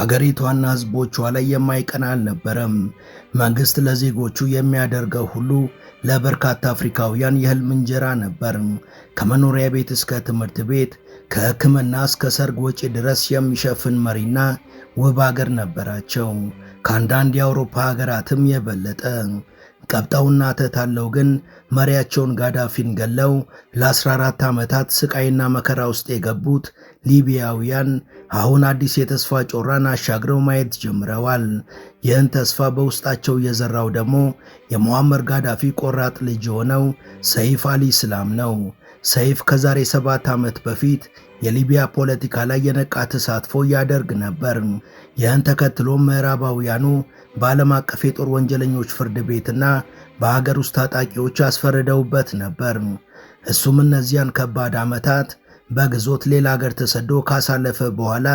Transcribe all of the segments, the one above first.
ሀገሪቷና ሕዝቦቿ ላይ የማይቀና አልነበረም። መንግሥት ለዜጎቹ የሚያደርገው ሁሉ ለበርካታ አፍሪካውያን የህልም እንጀራ ነበር። ከመኖሪያ ቤት እስከ ትምህርት ቤት፣ ከሕክምና እስከ ሰርግ ወጪ ድረስ የሚሸፍን መሪና ውብ አገር ነበራቸው፣ ከአንዳንድ የአውሮፓ ሀገራትም የበለጠ። ቀብጠውና ተታለው ግን መሪያቸውን ጋዳፊን ገለው ለ14 ዓመታት ስቃይና መከራ ውስጥ የገቡት ሊቢያውያን አሁን አዲስ የተስፋ ጮራን አሻግረው ማየት ጀምረዋል። ይህን ተስፋ በውስጣቸው የዘራው ደግሞ የሙአመር ጋዳፊ ቆራጥ ልጅ የሆነው ሰይፍ አሊ ስላም ነው። ሰይፍ ከዛሬ ሰባት ዓመት በፊት የሊቢያ ፖለቲካ ላይ የነቃ ተሳትፎ ያደርግ ነበር። ይህን ተከትሎ ምዕራባውያኑ በዓለም አቀፍ የጦር ወንጀለኞች ፍርድ ቤትና በሀገር ውስጥ ታጣቂዎች አስፈርደውበት ነበር። እሱም እነዚያን ከባድ ዓመታት በግዞት ሌላ ሀገር ተሰዶ ካሳለፈ በኋላ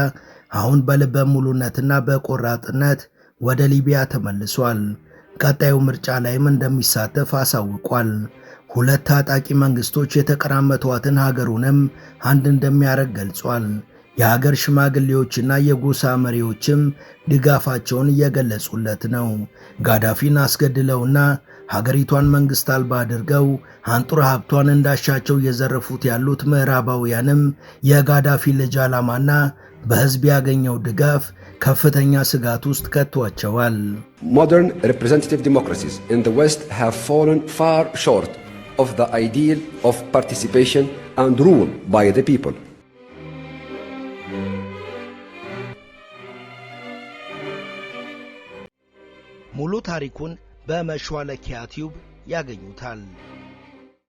አሁን በልበ ሙሉነትና በቆራጥነት ወደ ሊቢያ ተመልሷል። ቀጣዩ ምርጫ ላይም እንደሚሳተፍ አሳውቋል። ሁለት ታጣቂ መንግስቶች የተቀራመቷትን ሀገሩንም አንድ እንደሚያደርግ ገልጿል። የሀገር ሽማግሌዎችና የጎሳ መሪዎችም ድጋፋቸውን እየገለጹለት ነው። ጋዳፊን አስገድለውና ሀገሪቷን መንግስት አልባ አድርገው አንጡረ ሀብቷን እንዳሻቸው እየዘረፉት ያሉት ምዕራባውያንም የጋዳፊ ልጅ ዓላማና በህዝብ ያገኘው ድጋፍ ከፍተኛ ስጋት ውስጥ ከቷቸዋል። ሞደርን ሪፕሬዘንታቲቭ ዲሞክራሲስ ኢን ዘ ዌስት ሃቭ ፎለን ፋር ሾርት of the ideal of participation and rule by the people. ሙሉ ታሪኩን በመሿለኪያ ቲዩብ ያገኙታል።